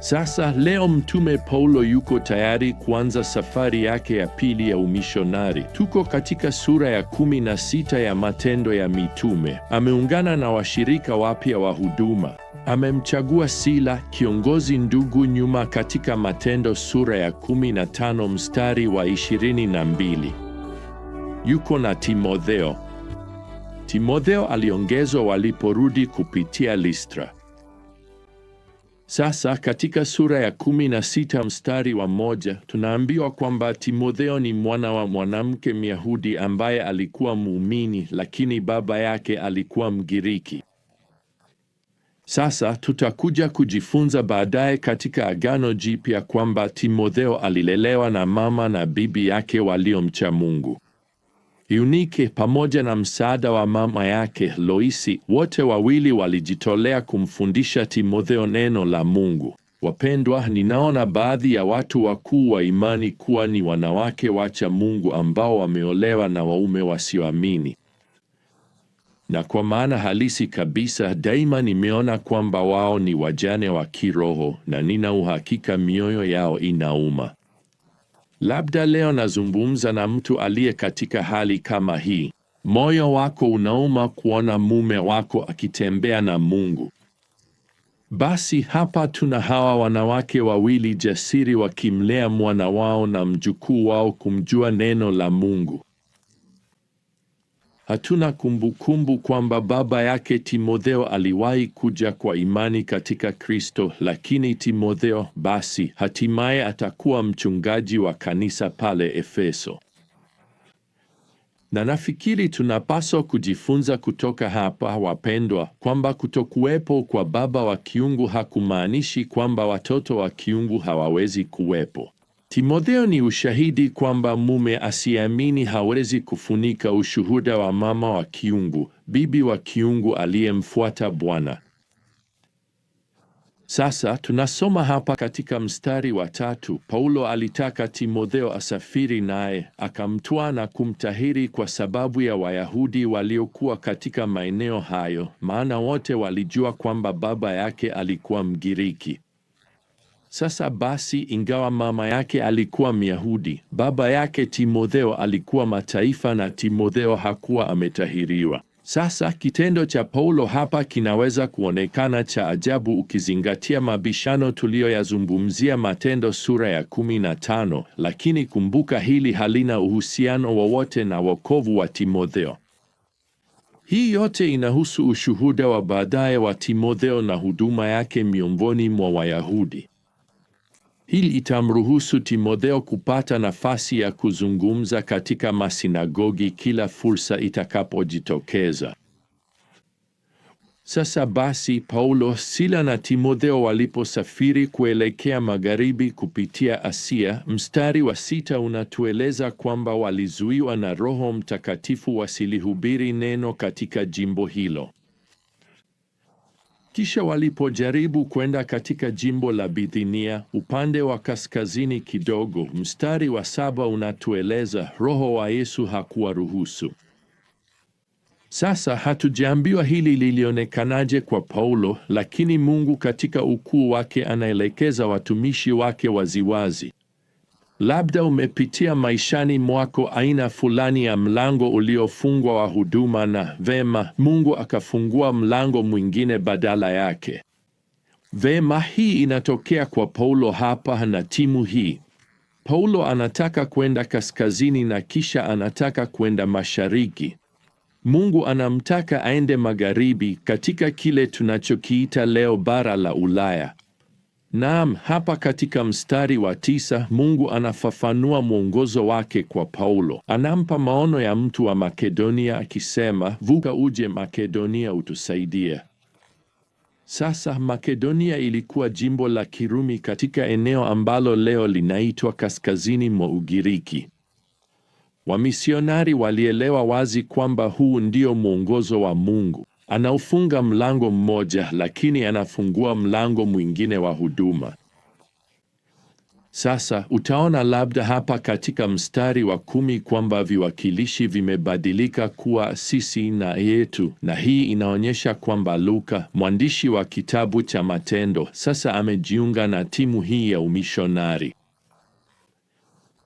Sasa leo Mtume Paulo yuko tayari kuanza safari yake ya pili ya umishonari. Tuko katika sura ya 16 ya Matendo ya Mitume. Ameungana na washirika wapya wa huduma. Amemchagua Sila, kiongozi ndugu nyuma katika Matendo sura ya 15 mstari wa 22. Yuko na Timotheo. Timotheo aliongezwa waliporudi kupitia Listra. Sasa katika sura ya kumi na sita mstari wa moja tunaambiwa kwamba Timotheo ni mwana wa mwanamke Myahudi ambaye alikuwa muumini, lakini baba yake alikuwa Mgiriki. Sasa tutakuja kujifunza baadaye katika Agano Jipya kwamba Timotheo alilelewa na mama na bibi yake waliomcha Mungu yunike pamoja na msaada wa mama yake Loisi, wote wawili walijitolea kumfundisha Timotheo neno la Mungu. Wapendwa, ninaona baadhi ya watu wakuu wa imani kuwa ni wanawake wacha Mungu ambao wameolewa na waume wasioamini, na kwa maana halisi kabisa, daima nimeona kwamba wao ni wajane wa kiroho, na nina uhakika mioyo yao inauma. Labda leo nazungumza na mtu aliye katika hali kama hii. Moyo wako unauma kuona mume wako akitembea na Mungu. Basi hapa tuna hawa wanawake wawili jasiri wakimlea mwana wao na mjukuu wao kumjua neno la Mungu. Hatuna kumbukumbu kwamba baba yake Timotheo aliwahi kuja kwa imani katika Kristo, lakini Timotheo basi hatimaye atakuwa mchungaji wa kanisa pale Efeso. Na nafikiri tunapaswa kujifunza kutoka hapa, wapendwa, kwamba kutokuwepo kwa baba wa kiungu hakumaanishi kwamba watoto wa kiungu hawawezi kuwepo. Timotheo ni ushahidi kwamba mume asiyeamini hawezi kufunika ushuhuda wa mama wa kiungu, bibi wa kiungu aliyemfuata Bwana. Sasa tunasoma hapa katika mstari wa tatu, Paulo alitaka Timotheo asafiri naye, akamtwa na kumtahiri kwa sababu ya Wayahudi waliokuwa katika maeneo hayo, maana wote walijua kwamba baba yake alikuwa Mgiriki. Sasa basi, ingawa mama yake alikuwa Myahudi, baba yake Timotheo alikuwa mataifa na Timotheo hakuwa ametahiriwa. Sasa kitendo cha Paulo hapa kinaweza kuonekana cha ajabu ukizingatia mabishano tuliyoyazungumzia Matendo sura ya 15, lakini kumbuka hili halina uhusiano wowote na wokovu wa Timotheo. Hii yote inahusu ushuhuda wa baadaye wa Timotheo na huduma yake miongoni mwa Wayahudi. Hili itamruhusu Timotheo kupata nafasi ya kuzungumza katika masinagogi kila fursa itakapojitokeza. Sasa basi, Paulo, Sila na Timotheo waliposafiri kuelekea magharibi kupitia Asia, mstari wa sita unatueleza kwamba walizuiwa na Roho Mtakatifu wasilihubiri neno katika jimbo hilo. Kisha walipojaribu kwenda katika jimbo la Bithinia upande wa kaskazini kidogo, mstari wa saba unatueleza Roho wa Yesu hakuwaruhusu. Sasa hatujaambiwa hili lilionekanaje kwa Paulo, lakini Mungu katika ukuu wake anaelekeza watumishi wake waziwazi. Labda umepitia maishani mwako aina fulani ya mlango uliofungwa wa huduma, na vema, Mungu akafungua mlango mwingine badala yake. Vema, hii inatokea kwa Paulo hapa na timu hii. Paulo anataka kwenda kaskazini na kisha anataka kwenda mashariki. Mungu anamtaka aende magharibi katika kile tunachokiita leo bara la Ulaya. Naam, hapa katika mstari wa tisa Mungu anafafanua mwongozo wake kwa Paulo. Anampa maono ya mtu wa Makedonia akisema, vuka uje Makedonia utusaidie. Sasa Makedonia ilikuwa jimbo la Kirumi katika eneo ambalo leo linaitwa kaskazini mwa Ugiriki. Wamisionari walielewa wazi kwamba huu ndio mwongozo wa Mungu. Anaufunga mlango mmoja, lakini anafungua mlango mwingine wa huduma. Sasa utaona labda hapa katika mstari wa kumi kwamba viwakilishi vimebadilika kuwa sisi na yetu, na hii inaonyesha kwamba Luka, mwandishi wa kitabu cha Matendo, sasa amejiunga na timu hii ya umishonari.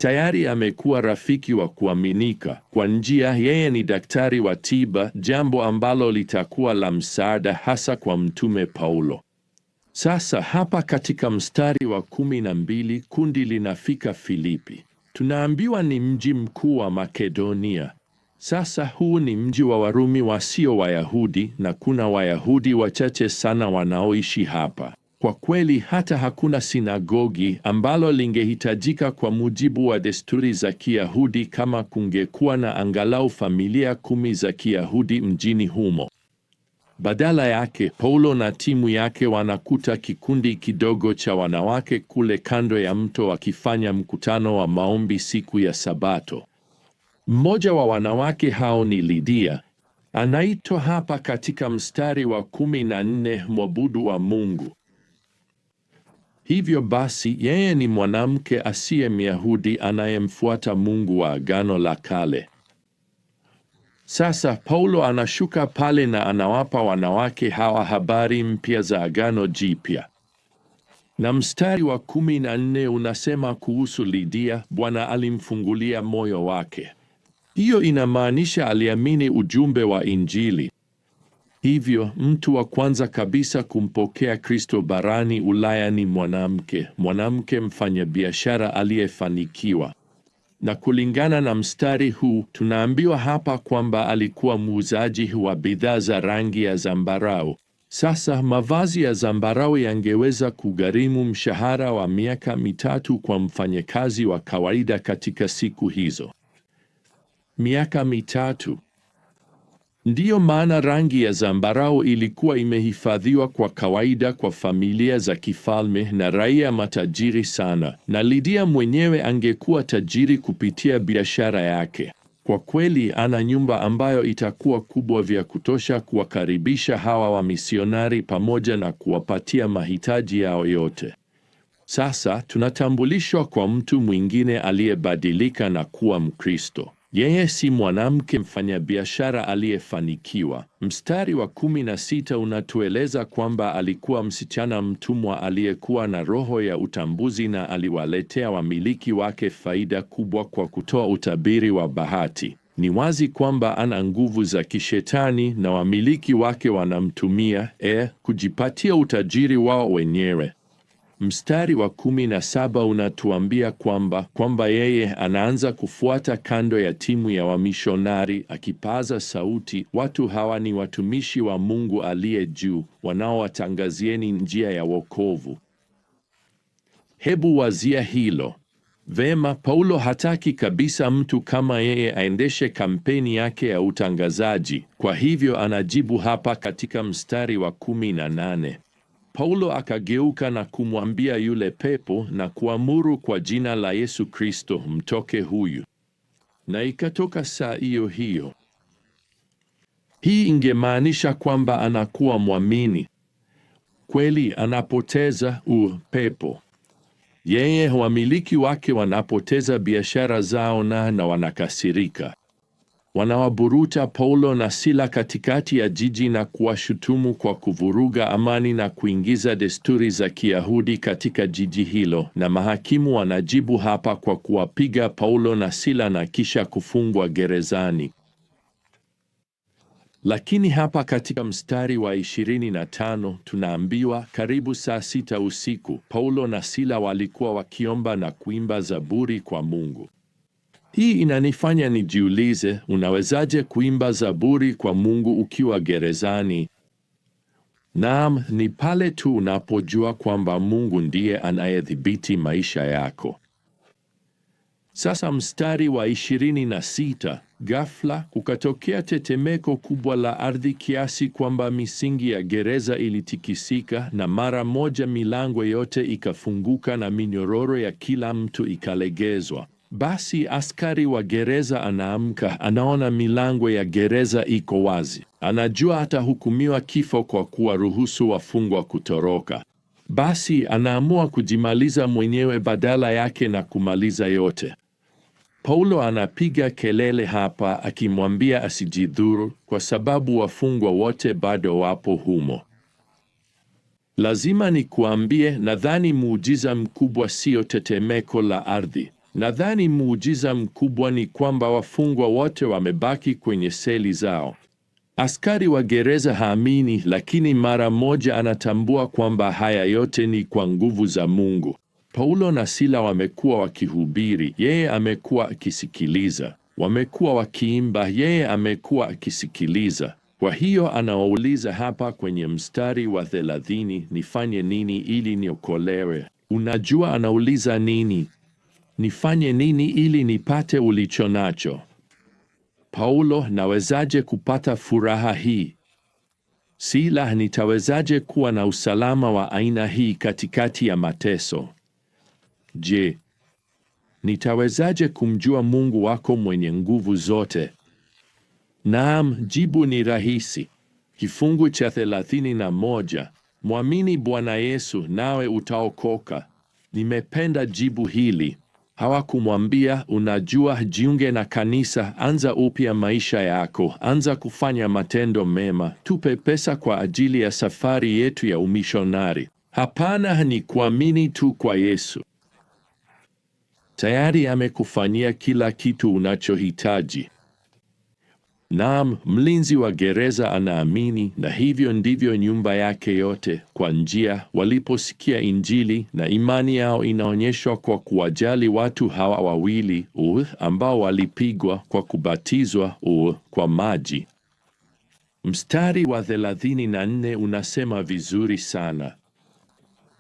Tayari amekuwa rafiki wa kuaminika kwa njia, yeye ni daktari wa tiba, jambo ambalo litakuwa la msaada hasa kwa mtume Paulo. Sasa hapa katika mstari wa kumi na mbili kundi linafika Filipi. Tunaambiwa ni mji mkuu wa Makedonia. Sasa huu ni mji wa Warumi wasio Wayahudi na kuna Wayahudi wachache sana wanaoishi hapa. Kwa kweli hata hakuna sinagogi ambalo lingehitajika kwa mujibu wa desturi za Kiyahudi kama kungekuwa na angalau familia kumi za Kiyahudi mjini humo. Badala yake, Paulo na timu yake wanakuta kikundi kidogo cha wanawake kule kando ya mto wakifanya mkutano wa maombi siku ya Sabato. Mmoja wa wanawake hao ni Lidia, anaitwa hapa katika mstari wa kumi na nne mwabudu wa Mungu. Hivyo basi, yeye ni mwanamke asiye Myahudi anayemfuata Mungu wa Agano la Kale. Sasa Paulo anashuka pale na anawapa wanawake hawa habari mpya za Agano Jipya. Na mstari wa kumi na nne unasema kuhusu Lidia, Bwana alimfungulia moyo wake. Hiyo inamaanisha aliamini ujumbe wa Injili. Hivyo mtu wa kwanza kabisa kumpokea Kristo barani Ulaya ni mwanamke, mwanamke mfanyabiashara aliyefanikiwa. Na kulingana na mstari huu, tunaambiwa hapa kwamba alikuwa muuzaji wa bidhaa za rangi ya zambarau. Sasa mavazi ya zambarau yangeweza kugharimu mshahara wa miaka mitatu kwa mfanyakazi wa kawaida katika siku hizo. Miaka mitatu. Ndiyo maana rangi ya zambarau ilikuwa imehifadhiwa kwa kawaida kwa familia za kifalme na raia matajiri sana, na Lidia mwenyewe angekuwa tajiri kupitia biashara yake. Kwa kweli ana nyumba ambayo itakuwa kubwa vya kutosha kuwakaribisha hawa wamisionari pamoja na kuwapatia mahitaji yao yote. Sasa tunatambulishwa kwa mtu mwingine aliyebadilika na kuwa Mkristo. Yeye si mwanamke mfanyabiashara aliyefanikiwa. Mstari wa kumi na sita unatueleza kwamba alikuwa msichana mtumwa aliyekuwa na roho ya utambuzi na aliwaletea wamiliki wake faida kubwa kwa kutoa utabiri wa bahati. Ni wazi kwamba ana nguvu za kishetani na wamiliki wake wanamtumia e, kujipatia utajiri wao wenyewe. Mstari wa kumi na saba unatuambia kwamba kwamba yeye anaanza kufuata kando ya timu ya wamishonari akipaza sauti, watu hawa ni watumishi wa Mungu aliye juu, wanaowatangazieni njia ya wokovu. Hebu wazia hilo vema. Paulo hataki kabisa mtu kama yeye aendeshe kampeni yake ya utangazaji. Kwa hivyo anajibu hapa katika mstari wa kumi na nane. Paulo akageuka na kumwambia yule pepo na kuamuru kwa jina la Yesu Kristo, mtoke huyu. Na ikatoka saa hiyo hiyo. Hii ingemaanisha kwamba anakuwa mwamini kweli, anapoteza u pepo yeye, wamiliki wake wanapoteza biashara zao na na wanakasirika wanawaburuta Paulo na Sila katikati ya jiji na kuwashutumu kwa kuvuruga amani na kuingiza desturi za Kiyahudi katika jiji hilo, na mahakimu wanajibu hapa kwa kuwapiga Paulo na Sila na kisha kufungwa gerezani. Lakini hapa katika mstari wa 25 tunaambiwa karibu saa sita usiku Paulo na Sila walikuwa wakiomba na kuimba zaburi kwa Mungu. Hii inanifanya nijiulize, unawezaje kuimba zaburi kwa Mungu ukiwa gerezani? Naam, ni pale tu unapojua kwamba Mungu ndiye anayedhibiti maisha yako. Sasa mstari wa ishirini na sita, ghafla kukatokea tetemeko kubwa la ardhi kiasi kwamba misingi ya gereza ilitikisika, na mara moja milango yote ikafunguka na minyororo ya kila mtu ikalegezwa. Basi askari wa gereza anaamka, anaona milango ya gereza iko wazi, anajua atahukumiwa kifo kwa kuwaruhusu wafungwa kutoroka. Basi anaamua kujimaliza mwenyewe badala yake na kumaliza yote. Paulo anapiga kelele hapa akimwambia asijidhuru kwa sababu wafungwa wote bado wapo humo. Lazima nikuambie, nadhani muujiza mkubwa sio tetemeko la ardhi, Nadhani muujiza mkubwa ni kwamba wafungwa wote wamebaki kwenye seli zao. Askari wa gereza haamini, lakini mara moja anatambua kwamba haya yote ni kwa nguvu za Mungu. Paulo na Sila wamekuwa wakihubiri, yeye amekuwa akisikiliza. Wamekuwa wakiimba, yeye amekuwa akisikiliza. Kwa hiyo anawauliza hapa kwenye mstari wa thelathini, nifanye nini ili niokolewe? Unajua anauliza nini? nifanye nini ili nipate ulicho nacho? Paulo, nawezaje kupata furaha hii? Sila, nitawezaje kuwa na usalama wa aina hii katikati ya mateso? Je, nitawezaje kumjua Mungu wako mwenye nguvu zote? Naam, jibu ni rahisi. Kifungu cha thelathini na moja, mwamini Bwana Yesu nawe utaokoka. Nimependa jibu hili. Hawakumwambia, unajua, jiunge na kanisa, anza upya maisha yako, anza kufanya matendo mema, tupe pesa kwa ajili ya safari yetu ya umishonari. Hapana, ni kuamini tu kwa Yesu. Tayari amekufanyia kila kitu unachohitaji. Naam, mlinzi wa gereza anaamini, na hivyo ndivyo nyumba yake yote. Kwa njia waliposikia Injili, na imani yao inaonyeshwa kwa kuwajali watu hawa wawili u uh, ambao walipigwa kwa kubatizwa u uh, kwa maji. Mstari wa 34 unasema vizuri sana.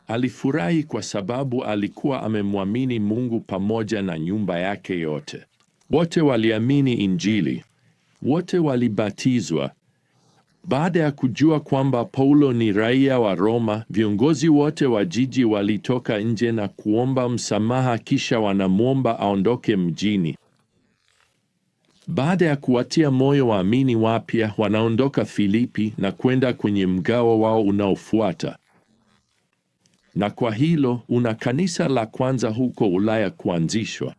Alifurahi kwa sababu alikuwa amemwamini Mungu pamoja na nyumba yake yote. Wote waliamini Injili wote walibatizwa. Baada ya kujua kwamba Paulo ni raia wa Roma, viongozi wote wa jiji walitoka nje na kuomba msamaha, kisha wanamwomba aondoke mjini. Baada ya kuwatia moyo waamini wapya, wanaondoka Filipi na kwenda kwenye mgao wao unaofuata. Na kwa hilo una kanisa la kwanza huko Ulaya kuanzishwa.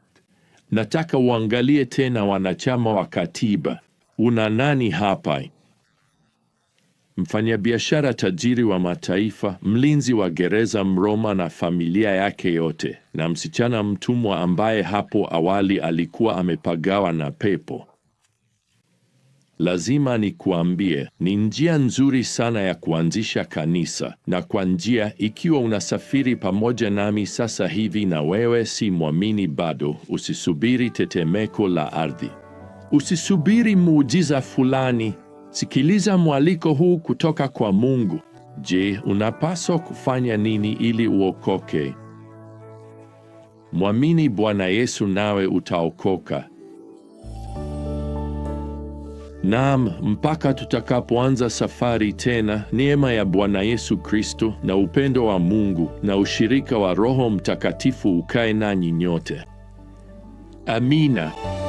Nataka uangalie tena wanachama wa katiba una nani hapa? Mfanyabiashara tajiri wa mataifa, mlinzi wa gereza Mroma na familia yake yote, na msichana mtumwa ambaye hapo awali alikuwa amepagawa na pepo. Lazima nikuambie, ni njia nzuri sana ya kuanzisha kanisa, na kwa njia, ikiwa unasafiri pamoja nami sasa hivi na wewe si mwamini bado, usisubiri tetemeko la ardhi. Usisubiri muujiza fulani. Sikiliza mwaliko huu kutoka kwa Mungu. Je, unapaswa kufanya nini ili uokoke? Mwamini Bwana Yesu nawe utaokoka. Naam, mpaka tutakapoanza safari tena, neema ya Bwana Yesu Kristo na upendo wa Mungu na ushirika wa Roho Mtakatifu ukae nanyi nyote. Amina.